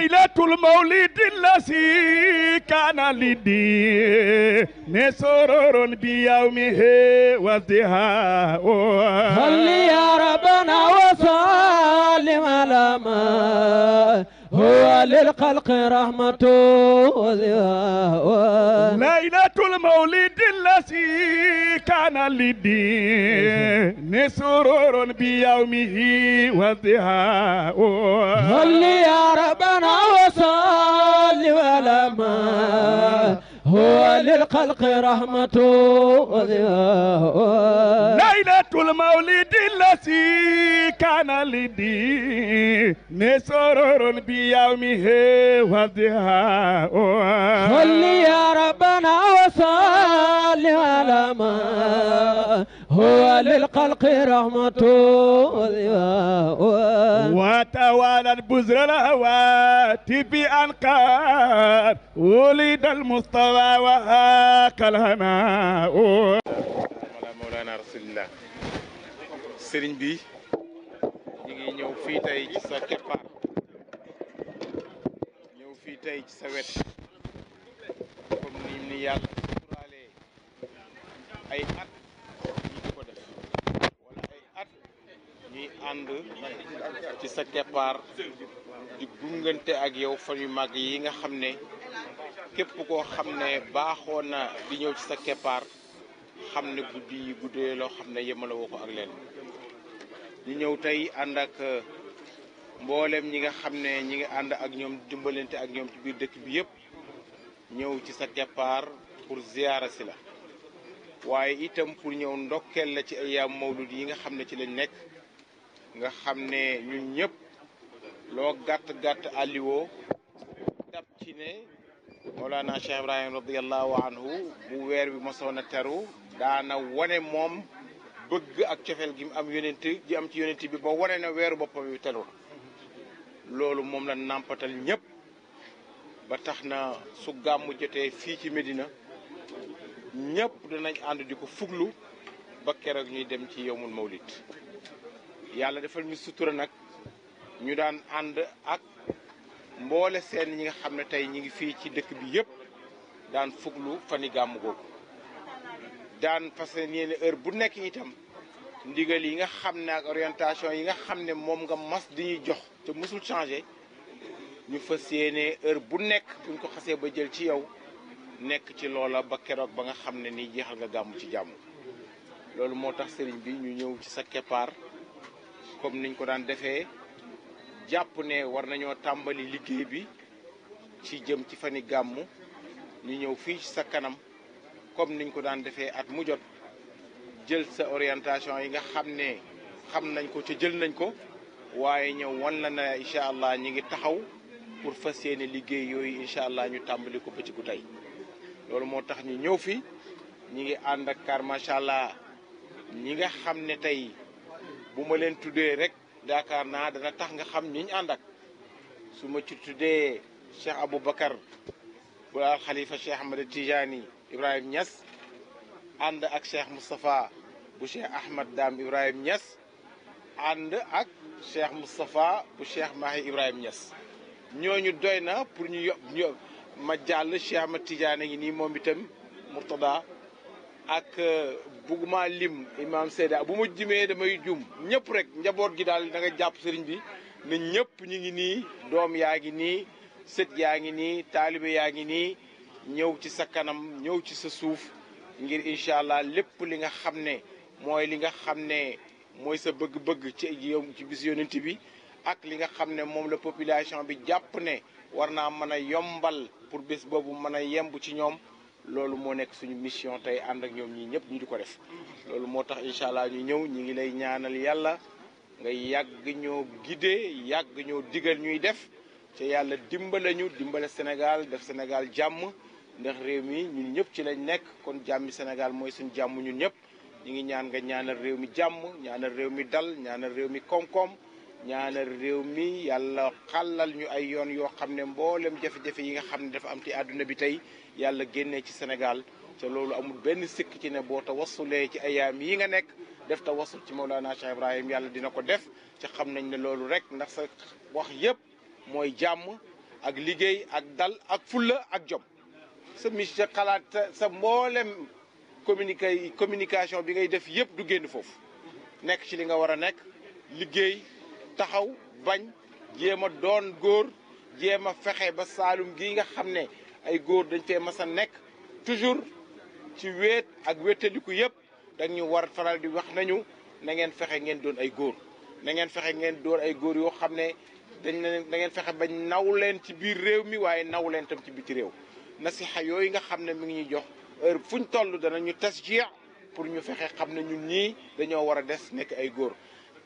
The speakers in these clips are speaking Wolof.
laylatul mawlidi lasi kana lidi ne sororon bi yawmihi wa ziha salli ya rabbana wa sallim ala ma هو للخلق رحمة ليلة المولد الذي كان للدين سرور بيومه وضحاه صل يا ربنا وصل ولما هو للخلق رحمة وضحاه ليلة ذات المولد الذي كان لدي نسرور بيومه وضحاه صل يا ربنا وصل على ما هو للخلق رحمة وتوالى البزر الهواتف أنقار ولد المصطفى وهاك الهناء sëriñ bi ñu ngi ñëw fii tey ci sa keppaar ñëw fii tey ci sa wet comme ni ni yàlla suturaalee ay at ñuy ànd ci sa keppaar di gungante ak yow fan yu màgg yi nga xam ne képp koo xam ne baaxoo na di ñëw ci sa keppaar xam ne guddi yi guddee loo xam ne yemalewoo ko ak leen ñu ñëw tey ànd euh, mboolem ñi nga xam ne ñi ngi ànd ak ñoom dimbalante ak ñoom ci biir dëkk bi yëpp ñëw ci sa keppaar pour ziyaara si la waaye itam pour ñëw ndokkeel la ci ay yaam mawlud yi nga xam ne ci lañ nekk nga xam ne ñun ñëpp loo gàtt-gàtt alliwoo dab ci ne Mawlana Cheikh Ibrahim radiallahu anhu bu weer wi mosoon a teru daana wone moom bëgg ak cofeel gi mu am yonent ji am ci yonent bi ba wane na weeru boppam yu telu loolu moom la nàmpatal ñëpp ba tax na su gàmm jotee fii ci Medina ñëpp danañ ànd di ko fuglu ba keroog ñuy dem ci yowmul mawlid yàlla defal ñu sutura nag ñu daan ànd ak mboole seen ñi nga xam ne tey ñi ngi fii ci dëkk bi yëpp daan fuglu fani gàmmu googu daan fas yéene heure bu nekk itam ndigal yi nga xam ne ak orientation yi nga xam ne moom nga mas di ñuy jox te musul changé ñu fas yéene heure bu nekk buñ ko xasee ba jël ci yow nekk ci loola ba keroog ba nga xam ne nii jeexal nga gàmm ci jàmm loolu moo tax sëriñ bi ñu ñëw ci sa keppaar comme niñ ko daan defee jàpp ne war nañoo tàmbali liggéey bi ci jëm ci fani gàmm ñu ñëw fii ci sa kanam comme niñ ko daan defee at mu jot jël sa orientation yi nga xam ne xam nañ ko ca jël nañ ko waaye ñëw wan la na incha allah ñi ngi taxaw pour fas yéene liggéey yooyu incha allah ñu tàmbali ko bëccëgu tey loolu moo tax ñu ñëw fii ñi ngi ànd ak car macha allah ñi nga xam ne tey bu ma leen tuddee rek yaakaar naa dana tax nga xam ñi ñu ànd ak su ma ci tuddee Cheikh Aboubacar bu al xalifa Cheikh Ahmed Tijani Ibrahim Niass ànd ak Cheikh Moustapha bu Cheikh Ahmad Dame Ibrahim Niass ànd ak Cheikh Moustapha bu Cheikh Mahi Ibrahim Niass ñooñu doy na pour ñu yob ma jàll Cheikh Ahmad Tidiane ngi nii moom itam Murtada ak euh, bugguma lim imam Seyda bu ma jimee damay jum ñëpp rek njaboot gi daal da jàpp sëriñ bi ne ñëpp ñu ngi nii doom yaa ngi nii sët yaa ngi nii taalibe yaa ngi nii ñëw ci sa kanam ñëw ci sa suuf ngir incha allah lépp li nga xam ne mooy li nga xam ne mooy sa bëgg-bëgg ci yow ci bis bi ak li nga xam ne moom la population bi jàpp ne war naa mën a yombal pour bés boobu mën a yemb ci ñoom loolu moo nekk suñu mission tey ànd ak ñoom ñi ñëpp ñu di ko def loolu moo tax incha allah ñu ñëw ñi ngi lay ñaanal yàlla nga yàgg ñoo guidee yàgg ñoo digal ñuy def te yàlla dimbale ñu dimbale Sénégal def Sénégal jàmm ndax réew mi ñun ñëpp ci lañ nekk kon jàmmi Sénégal mooy suñ jàmm ñun ñëpp ñu ngi ñaan nga ñaanal réew mi jàmm ñaanal réew mi dal ñaanal réew mi koom-koom ñaanal réew mi yàlla xàllal ñu ay yoon yoo xam ne mboolem jafe-jafe yi nga xam ne dafa am ci àdduna bi tey yàlla génne ci Sénégal te loolu amul benn sikk ci ne boo tawassulee ci ayaam yi nga nekk def tawassul ci Mawlana Cheikh Ibrahim yàlla dina ko def ci xam nañ ne loolu rek ndax sa wax yëpp mooy jàmm ak liggéey ak dal ak ak jom sa mission xalaat sa sa mboolem communiqué communication bi ngay def yëpp du génn foofu nekk ci li nga war a nekk liggéey taxaw bañ jéem a doon góor jéem a fexe ba saalum gi nga xam ne ay góor dañ fee mas nekk toujours ci wéet ak wéetaliku yëpp dañ ñu war faral di wax nañu na ngeen fexe ngeen doon ay góor na ngeen fexe ngeen doon ay góor yoo xam ne dañ na ngeen fexe bañ naw leen ci biir réew mi waaye naw leen tam ci biti réew nasiha yooyu nga xam ne mi ngi ñuy jox heure fu ñu toll danañu tasjii pour ñu fexe xam ne ñun nii dañoo war a des nekk ay góor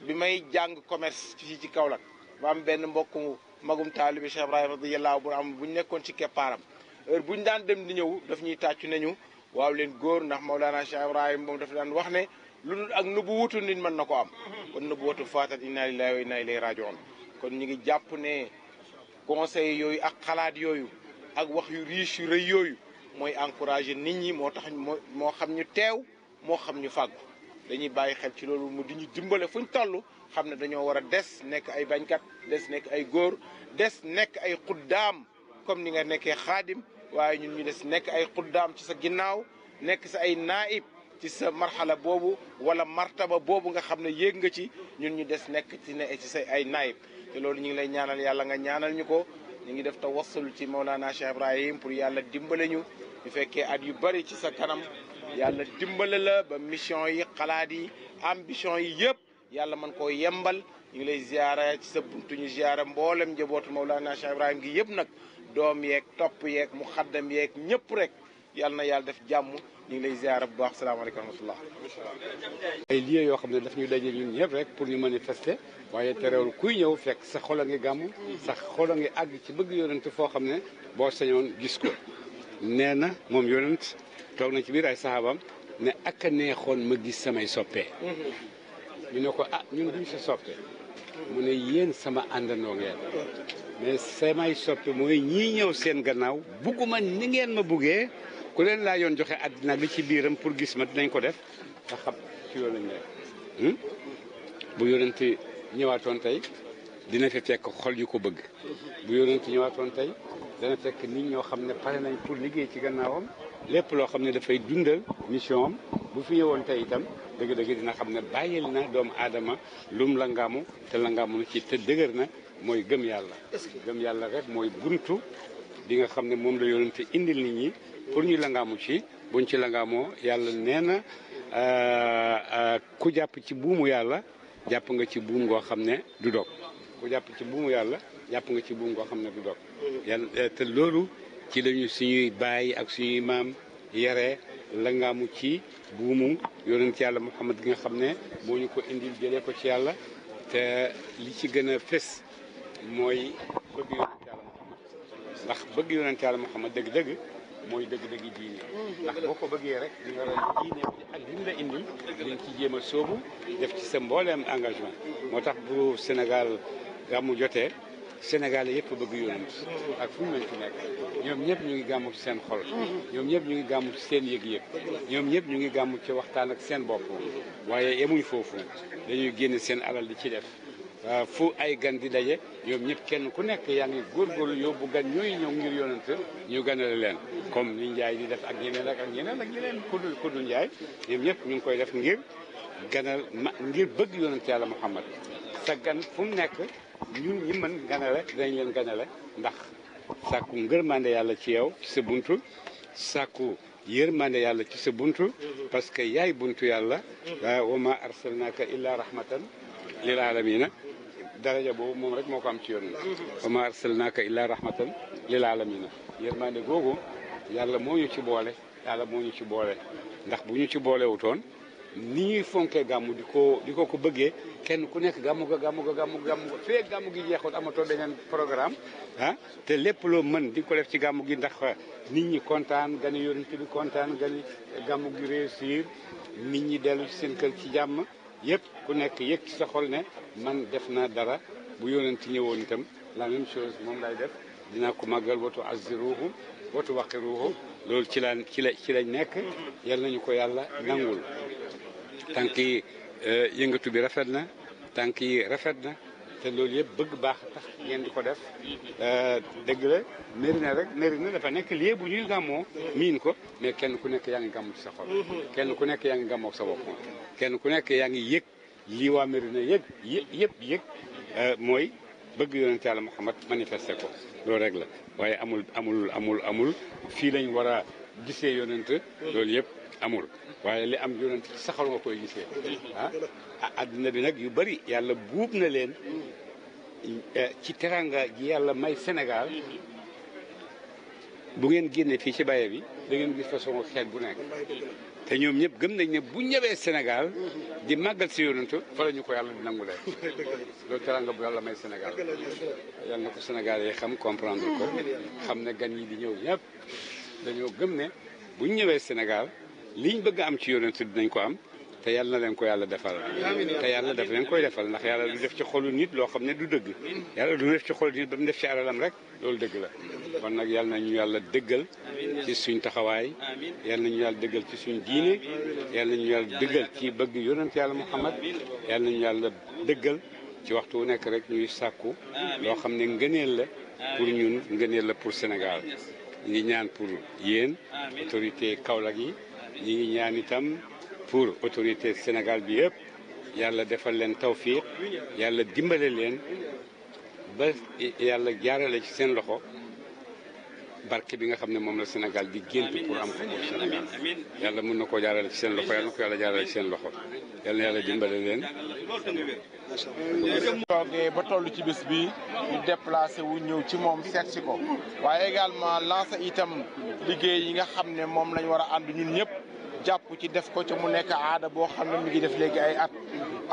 bi may jàng commerce fii ci Kaolack ba am benn mbokk magum taalibi Cheikh Ibrahima radiyallahu bu am bu ñu nekkoon ci keppaaram heure bu ñu daan dem di ñëw daf ñuy tàccu nañu waaw leen góor ndax Maulana Cheikh Ibrahima moom dafa daan wax ne lu dul ak nëbbu wutu nit mën na ko am kon nëbbu wutu faatat inna lillahi wa inna ilayhi rajiun kon ñu ngi jàpp ne conseil yooyu ak xalaat yooyu ak wax yu riis yu rëy yooyu mooy encourager nit ñi moo tax moo xam ñu teew moo xam ñu fàggu dañuy bàyyi xel ci loolu mu di ñu dimbale fuñ tollu xam ne dañoo war a des nekk ay bañkat des nekk ay góor des nekk ay xuddaam comme ni nga nekkee xaadim waaye ñu ñu des nekk ay xuddaam ci sa ginnaaw nekk sa ay naib ci sa marxala boobu wala martaba boobu nga xam ne yéeg nga ci ñun ñu des nekk ci ne sa ay naib te loolu ñu ngi lay ñaanal yàlla nga ñaanal ñu ko ñu ngi def tawassul ci Mawlana Cheikh Ibrahim pour yàlla dimbale ñu bu fekkee at yu bari ci sa kanam yàlla dimbale la ba mission yi xalaat yi ambition yi yëpp yàlla mën koo yembal ñu ngi lay ziara ci sa buntuñu ñu ziara mboolem njabootu Mawlana Cheikh Ibrahim gi yëpp nag doom yeeg topp yeeg mu xaddam yeeg ñëpp rek. yàlla na yàlla def jàmm ñu ngi lay bu baax salaamaaleykum wa rahmatullah ay yoo xam ne daf ñu daje ñun ñëpp rek pour ñu manifester waaye terewul kuy ñëw fekk sa xol a ngi gàmm sa xol a ngi àgg ci bëgg yonent foo xam ne boo sañoon gis ko nee na moom yonent toog na ci biir ay saxaabam ne ak a neexoon ma gis samay soppee ñu ne ko ah ñun duñ sa soppe mu ne yéen sama àndandoo ngeen mais samay soppe mooy ñii ñëw seen gannaaw bugguma ni ngeen ma buggee ku leen laa yoon joxe àddina bi ci biiram pour gis ma dinañ ko def nga xam ci yoon lañ hmm? bu yonente ñëwaatoon tey dina fi fekk xol ko bëgg bu yonente ñëwaatoon tey dana fekk nit ñoo xam ne pare nañ pour liggéey ci gannaawam lépp loo xam ne dafay dundal mission am bu fi ñëwoon tey itam dëgg-dëgg dina xam ne bàyyil na doomu aadama lum langaamu te la ngaamu ci te dëgër na mooy gëm yàlla gëm yàlla rek mooy buntu bi nga xam ne moom la yonente indil nit ñi pour ñu langaamu ci buñ ci langaamoo yàlla nee na euh, euh, ku jàpp ci buumu yàlla jàpp nga ci buum ngoo xam ne du dog ku jàpp ci buumu yàlla jàpp nga ci buum ngoo xam ne du dog euh, te loolu ci lañu suñuy bàyyi ak suñuy maam yare langaamu ci buumu yonent yàlla Muhammad gi nga xam ne moo ñu ko indil jëlee ko ci yàlla te li ci gën a fés mooy bëgg yonent yàlla Muhammad ndax bëgg yonent yàlla Muhammad dëgg-dëgg mooy dëgg-dëgg diine ndax boo ko bëggee rek di nga ral diine mu la indi ci jéem a sóobu def ci sa mbooleem engagement moo tax bu Sénégal gàmmu jotee Sénégal yëpp bëgg yonent ak fu ñu nekk ñoom ñëpp ñu ngi gàmmu ci seen xol ñoom ñëpp ñu ngi gàmmu ci seen yëg-yëg ñoom ñëpp ñu ngi gàmmu ci waxtaan ak seen bopp waaye yemuñ foofu dañuy génn seen alal di ci def Euh, fu ay gan di daje ñoom ñëpp kenn ku nekk yaa ngi góorgóorlu yóbbu gan ñooyu ñëw ngir yonent ñu ganale leen comme ni Njaay di def ak yeneen ak ak yeneen ak yeneen kudu kudu Njaay ñoom ñëpp ñu ngi koy def ngir ganal ma ngir bëgg yonent yàlla Muhammad sa gan fu mu nekk ñun ñi mën ganale dinañ leen ganale ndax sàkku ngërmande yàlla ci yow ci sa buntu sàkku yërmande yàlla ci sa bunt parce que yaay buntu yàlla wa ma arsalnaka illa rahmatan lil alamina daraja boobu moom rek moo ko am ci yoon wa ma mhm. arsalnaaka illaa rahmatan lil alamina yërmande googu yàlla moo ñu ci boole yàlla moo ñu ci boole ndax bu ñu ci boole wutoon ni ñuy fonkee gàmmu di ko di ko ko bëggee kenn ku nekk gàmmu ga gàmmu ga gàmmu ga gàmmu ga fee gàmmu gi jeexoon amatoo beneen programme ah te lépp loo mën di ko def ci gàmmu gi ndax nit ñi kontaan gani yonent bi kontaan gani gàmmu gi réussir nit ñi dellu ci seen kër ci jàmm yëpp ku nekk yëg ci sa xol ne man def naa dara bu yonent ci ñëwoon itam la même chose moom lay def dinaa ko màggal watu azziruhu watu waqiruhu loolu ci laan ci ci lañ nekk yal nañu ko yàlla nangul tànk yi euh, yëngatu bi rafet na tànk yi rafet na te loolu yëpp bëgg baax tax ngeen di ko def euh, dëgg la Mérina rek Mérina dafa nekk lieu bu ñuy gàmmoo miin ko mais kenn ku nekk yaa ngi gàmmu ci sa xol kenn ku nekk yaa ngi gàmmoo kenn ku nekk yaa ngi yëg lii waa Mérina yëg yëpp yëg euh, mooy bëgg yonent yàlla Muhammad manifester ko loolu rek la waaye amul amul amul amul fii lañ war a gisee yonent loolu yëpp amul waaye li am yonent ci saxal nga koy gisee ah adduna bi nag yu bari yàlla buub na leen eh, ci teranga ji yàlla may Sénégal bu ngeen génnee fii ci baye bi dangeen ngeen gis façon xeet bu nekk te ñoom ñëpp gëm nañ ne bu ñëwee Sénégal di màggal si yonantu fa la ko yàlla di nangu leen loolu teranga bu yàlla may Sénégal yal na ko Sénégal yi xam comprendre ko xam ne gan yi di ñëw ñëpp dañoo gëm ne bu ñëwee Sénégal liñ bëgg am ci si yonent nañ ko am te yàlla na leen ko yàlla defal te yàlla def leen koy defal ndax yàlla du def ci xolu nit loo xam ne du dëgg yàlla du def ci xolu nit ba mu def ci alalam rek loolu dëgg la kon nag yàlla na yàlla dëggal ci suñ taxawaay yàlla na ñu yàlla dëggal ci suñ diine yàlla na yàlla dëggal ci bëgg yonent yàlla Muhammad yàlla na ñu yàlla dëggal ci waxtu wu nekk rek ñuy sàkku loo xam ne ngëneel la pour ñun ngëneel la pour Sénégal ñi ñaan pour yéen autorité Kaolack yi ñi ngi ñaan itam pour autorité Sénégal bi yëpp yàlla defal leen tawfiq yàlla dimbale leen ba yàlla jaarale ci seen loxo barke bi nga xam ne moom la Sénégal di gént pour am ko pour Sénégal yàlla mën na koo jaarale ci seen loxo yàlla na ko yàlla jaarale ci seen loxo yàlla na yàlla dimbale leen. toogee ba toll ci bis bi ñu déplacé wu ñëw ci moom seet si ko waaye également lancé itam liggéey yi nga xam ne moom lañ war a ànd ñun ñëpp jàpp ci def ko ca mu nekk aada boo xam ne mi ngi def léegi ay at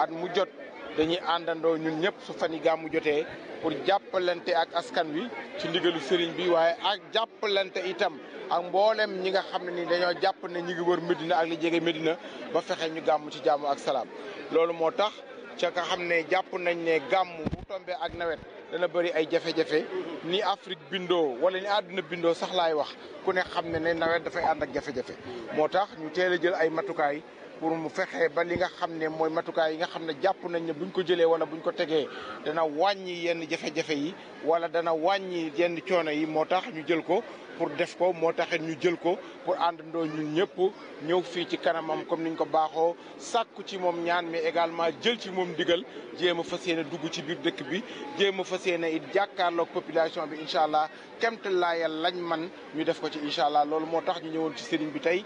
at mu jot. dañuy àndandoo ñun ñëpp su fan yi gàmmu jotee pour jàppalante ak askan wi ci ndigalu sëriñ bi waaye ak jàppalante itam ak mboolem ñi nga xam ne ni dañoo jàpp ne ñi ngi wër Medina ak li jege Medina ba fexe ñu gàmm ci jàmm ak salaam. loolu moo tax ca xam ne jàpp nañ ne gàmm bu tombee ak nawet dana bëri ay jafe-jafe ni Afrique bindoo wala ni àdduna bindoo sax laay wax ku ne xam ne ne nawet dafay ànd ak jafe-jafe moo tax ñu teel a jël ay matukaay. pour mu fexe ba li nga xam ne mooy matukaay yi nga xam ne jàpp nañ ne buñ ko jëlee wala buñ ko tegee dana wàññi yenn jafe-jafe yi wala dana wàññi yenn coono yi moo tax ñu jël ko pour def ko moo taxit ñu jël ko pour àndandoo ñun ñëpp ñëw fii ci kanamam comme niñ ko baaxoo sàkku ci moom ñaan mais également jël ci moom ndigal jéem a fas yéene dugg ci biir dëkk bi jéem a fas yéene it jàkkaarloog population bi incha allah kemt laayal lañ man ñu def ko ci incha allah loolu moo tax ñu ñëwoon ci sëriñ bi tey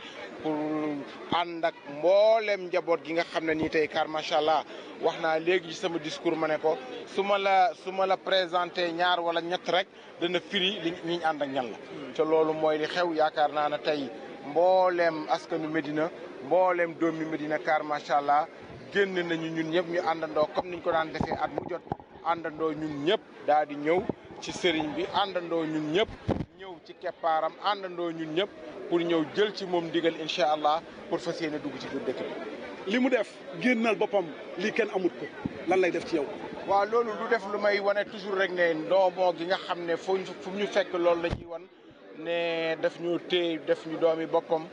mboolem njaboot gi nga xam ne nii tey car macha allah wax naa léegi ci sama discours ma ne ko su ma la su la présenté ñaar wala ñett rek dana firi li ñi ànd ak ñan la. te loolu mooy li xew yaakaar naa ne tey mboolem askanu Medina mboolem doomi Medina car macha allah génn nañu ñun ñëpp ñu àndandoo comme niñ ko daan defee at mu jot àndandoo ñun ñëpp daal di ñëw ci sëriñ bi àndandoo ñun ñëpp. ci keppaaram àndandoo ñun ñëpp pour ñëw jël ci moom ndigal incha allah pour fas yéene dugg ci biir dëkk bi. li mu def génnal boppam lii kenn amut ko lan nañ def ci yow. waaw loolu lu def lu may wane toujours rek ne ndoomoo gi nga xam ne fu ñu fekk loolu la ñuy wan ne def ñu téye def ñu doomi boppam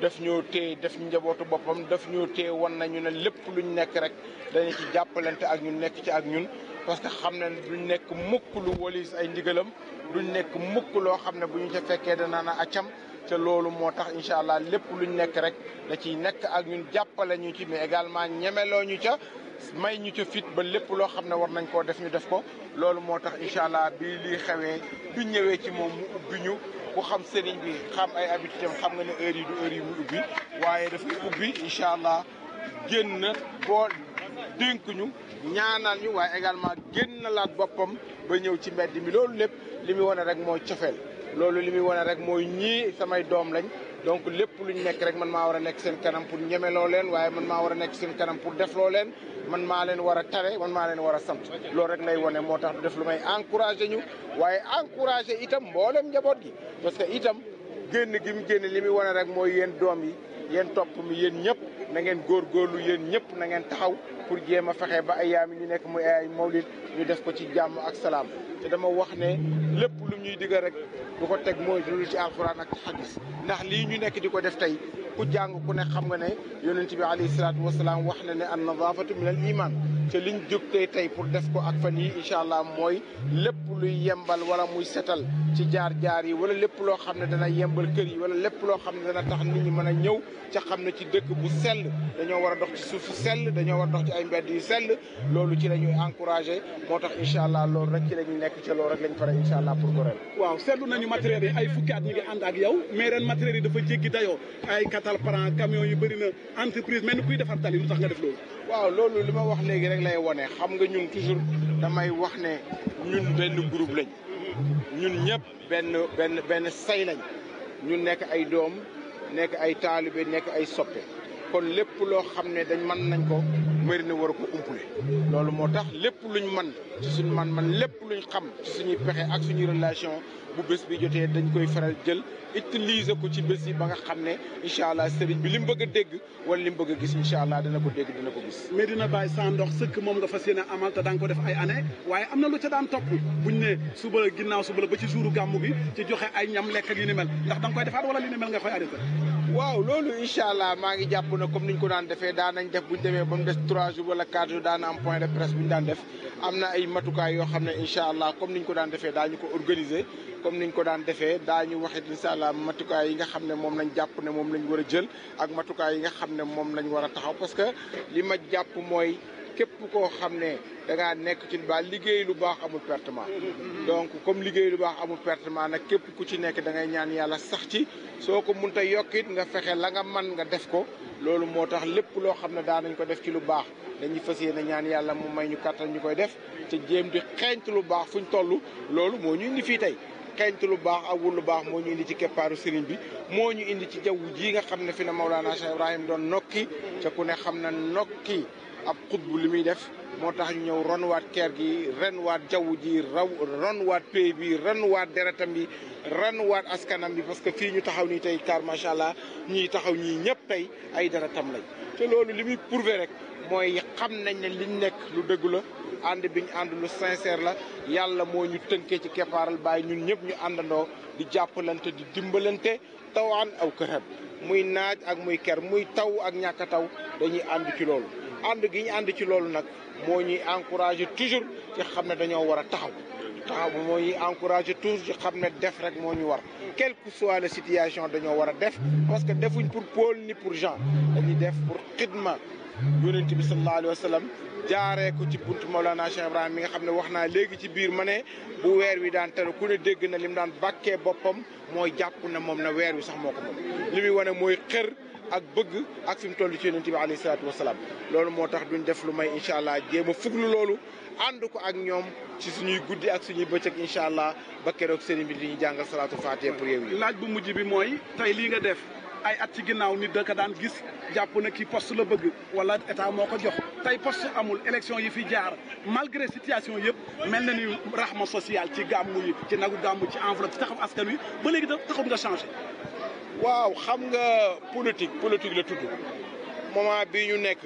daf ñoo def ñu njabootu boppam daf ñoo téye wan nañu ne lépp luñ nekk rek dañu ci jàppalante ak ñun nekk ci ak ñun. parce que xam na ne duñ nekk mukk lu walis ay ndigalam duñ nekk mukk loo xam ne bu ñu ca fekkee dana na accam te loolu moo tax incha allah lépp luñ nekk rek da ciy nekk ak ñun jàppale ñu ci mais également ñemeloo ñu ca may ñu ca fit ba lépp loo xam ne war nañ koo def ñu def ko loolu moo tax incha allah bi lii xewee du ñëwee ci moom mu ubbi ñu ku xam sëriñ bi xam ay habitude xam nga ne heure yi du yi mu ubbi waaye dafay ubbi incha allah génn boo dénk ñu ñaanal ñu waaye également génn laat boppam ba ñëw ci mbedd mi loolu lépp li muy wane rek mooy cofeel loolu li muy wane rek mooy ñii samay doom lañ donc lépp luñ nekk rek man maa war a nekk seen kanam pour ñemeloo leen waaye man maa war a nekk seen kanam pour defloo leen man maa leen war a tare man maa leen war a sant loolu rek lay wane moo tax def lu may encouragé ñu waaye encouragé itam mboolem njaboot gi parce que itam génn gi mu génn li muy wane rek mooy yéen doom yi yéen topp mi yéen ñëpp na ngeen góorgóorlu yéen ñëpp na taxaw pour jéem a fexe ba ayaam yi ñu nekk muy ayaam mawlid ñu def ko ci jàmm ak salaam te dama wax ne lépp lu ñuy digal rek du ko teg mooy dul ci alxuraan ak xadis ndax lii ñu nekk di ko def tey ku jàng ku ne xam nga ne yonent bi alayhi salaatu wasalaam wax na ne an nadaafatu min al iman ca liñ jóg tey tey pour des ko ak fan yi incha allah mooy lépp luy yembal wala muy setal ci jaar jaar yi wala lépp loo xam ne dana yembal kër yi wala lépp loo xam ne dana tax nit ñi mën a ñëw ca xam ne ci dëkk bu sell dañoo war a dox ci suuf su dañoo war a dox ci ay mbedd yu sell loolu ci la ñuy encouragé moo tax incha allah loolu rek ci la ñu nekk ci loolu rek lañ pare incha allah pour Gorel. waaw seetlu nañu matériels yi ay fukki at ñu ngi ànd ak yow mais ren matériels yi dafa jéggi dayoo ay cataplan camion yu bëri na entreprise mel tali lu tax nga def loolu. waaw loolu li ma wax léegi rek lay wone xam nga ñun toujours damay wax ne ñun benn groupe lañ ñun ñëpp benn benn benn say lañ ñun nekk ay doom nekk ay taalibe nekk ay soppe kon lépp loo xam ne dañ mën nañ ko Mérina war ko umpule loolu moo tax lépp luñ mën ci suñ man man lépp luñ xam suñu suñuy pexe ak suñuy relation bu bés bi jotee dañ koy faral jël utiliser ko ci bés yi ba nga xam ne incha allah sëriñ bi li mu bëgg a dégg wala li mu bëgg a gis incha allah dana ko dégg dana ko gis Médina Baye sans ndox sëkk moom dafa fas yéene amal te da ko def ay année waaye am na lu ca daan topp buñ ne suba la ginnaaw suba la ba ci jouru gàmmu gi ci joxe ay ñam lekk ak yu ni mel ndax da nga koy wala yu ni nga koy na comme niñ ko daan defee daan nañ def buñ demee ba mu des trois jours wala quatre jours daan na am point de presse bu ñu daan def am na ay matukaay yoo xam ne incha allah comme niñ ko daan defee daañu ko organiser comme niñ ko daan defee daañu waxit incha allah matukaay yi nga xam ne moom lañ jàpp ne moom lañ war a jël ak matukaay yi nga xam ne moom lañ war a taxaw parce que li ma jàpp mooy képp koo xam ne da ngaa nekk ci ba liggéey lu baax amul pertement donc comme liggéey lu baax amul pertement nag képp ku ci nekk da ngay ñaan yàlla sax ci soo ko munta yokkit nga fexe la nga man nga def ko loolu moo tax lépp loo xam ne daanañ ko def ci lu baax dañuy fas yéene ñaan yàlla mu may ñu kàttan ñu koy def te jéem di xeeñtu lu baax ñu toll loolu moo ñu indi fii tey xeeñtu lu baax ak lu baax moo ñu indi ci keppaaru sëriñ bi moo ñu indi ci jaww ji nga xam ne fi na Maulana Cheikh Ibrahim doon nokki ca ku ne xam na nokki ab xutbu li muy def moo tax ñu ñëw ronwaat ker gi renwaat jaww ji raw ronwaat pays bi renwaat deretam bi renwaat askanam bi parce que fii ñu taxaw nii tey car macha allah ñii taxaw ñii ñëpp tey ay deretam lañ te loolu li muy prouvé rek mooy xam nañ ne liñ nekk lu dëgg la ànd bi ñu ànd lu sincère la yàlla moo ñu tënkee ci keppaaral bàyyi ñun ñëpp ñu àndandoo di jàppalante di dimbalante tawaan aw këram muy naaj ak muy ker muy taw ak ñàkk taw dañuy ànd ci loolu ànd gi ñu ànd ci loolu nag moo ñuy encouragé toujours ci xam ne dañoo war a taxaw taxaw moo ñuy encouragé toujours ci xam ne def rek moo ñu war quelle que soit la situation dañoo war a def parce que defuñ pour Paul ni pour Jean dañuy def pour xidma nu bi sallallahu alayhi wa sallam jaaree ko ci buntu Maulana Cheikh Ibrahima mi nga xam ne wax naa léegi ci biir ma ne bu weer wi daan teel ku ne dégg na li mu daan bàkkee boppam mooy jàpp na moom na weer wi sax moo ko moom li muy wane mooy xër ak bëgg ak fi mu toll ci yonent bi alayhi salaatu wasalaam loolu moo tax duñ def lu may incha allah jéem a fuglu loolu ànd ko ak ñoom ci suñuy guddi ak suñuy bëccëg incha allah ba keroog sëriñ bi di ñu jàngal salaatu faatiha pour yi. laaj bu mujj bi mooy tey lii nga def ay at ci ginnaaw nit da ka daan gis jàpp na ki poste la bëgg wala état moo ko jox tey poste amul élection yi fi jaar malgré situation yëpp mel na ni rahma sociale ci gàmmu yi ci nagu gàmmu ci enveloppe ci taxaw askan wi ba léegi da taxut nga changé. waaw xam nga politique politique la tudd moment bi ñu nekk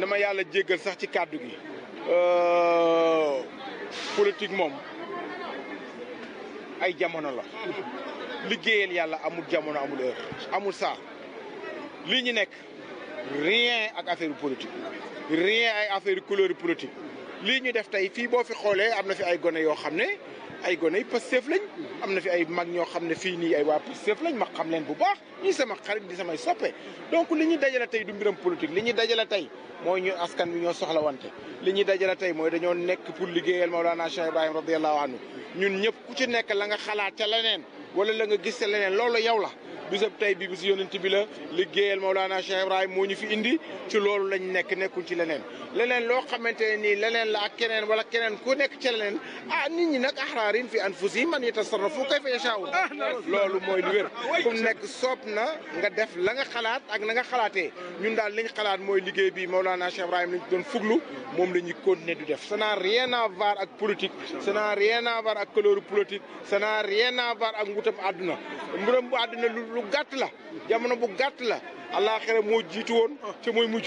nama yàlla jéggal sax ci kàddu gi euh, politique moom ay jamono la liggéeyal yàlla amul jamono amul heure amul saa lii ñu nekk rien ak affaire politique rien ay affaire couleur politique lii ñu def tey fii boo fi xoolee am na fi ay gone yoo xam ne ay gone yi Pastef lañ. am na fi ay mag ñoo xam ne fii nii ay waa Pastef lañ ma xam leen bu baax ñuy sama xarit di samay soppe donc li ñuy dajale tey du mbiram politique li ñuy dajale tey mooy ñu askan wi ñoo soxla wante li ñuy dajale tey mooy dañoo nekk pour liggéeyal Mawlana Cheikh Ibrahim radiyallahu anhu ñun ñëpp ku ci nekk la nga xalaat ca leneen wala la nga gis ca leneen loolu yow la bisab tey bi bisu yonent bi la liggéeyal Mawlana Cheikh Ibrahima moo ñu fi indi ci loolu lañ nekk nekkul ci leneen leneen loo xamante ne nii leneen la ak keneen wala keneen ku nekk ci leneen a ah, nit ñi nag axraarin fi anfusihim man yatasarrafu kayfa yashaa'u ah, loolu mooy lu wér ku nekk soob na nga def la nga xalaat ak na nga xalaatee ñun daal liñ xalaat mooy liggéey bi Mawlana Cheikh Ibrahima lañ doon fuglu moom la ñuy continuer du def ça n'a rien à voir ak politique ça n'a a à voir ak couleur politique ça n'a rien ak nguutam àdduna mburam bu àdduna lu gàtt la jamono bu gàtt la àllaaxira moo jiitu woon te mooy mujj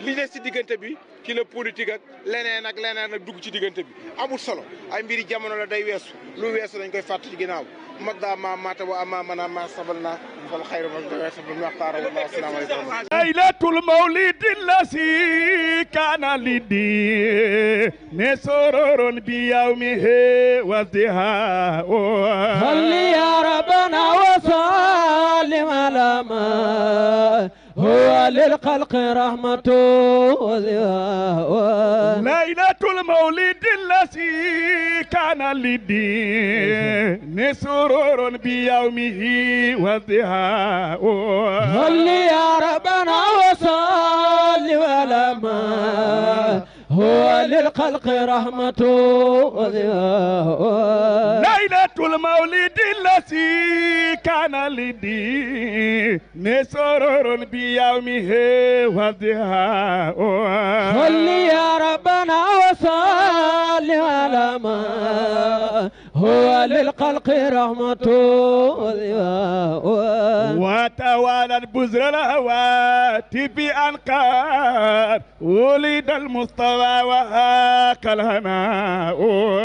li des ci diggante bi ci la politique ak leneen ak leneen ak dugg ci diggante bi amul solo ay mbiri jamono la day weesu lu weesu dañ koy fàttali ginnaaw mag daa ma maata wa ama mana ma sabal naa fal xayru ma weesu ma xaara wa asalaamaaleykum laylatul mawlidi lasi kaana lidi ne sororon bi yawmihi wasdiha salli ya rabbana wa هو للخلق رحمة ليلة المولد الذي كان للدين سرور بيومه وضحاء هل يا ربنا وصل ولما هو للخلق رحمة ليلة المولد التي كان لدي نسرور بيومه وضحاء صل يا ربنا وصل على ما هو للخلق رحمة وضياء وتوالى البزر الهوات بأنقار ولد المصطفى وهاك الهناء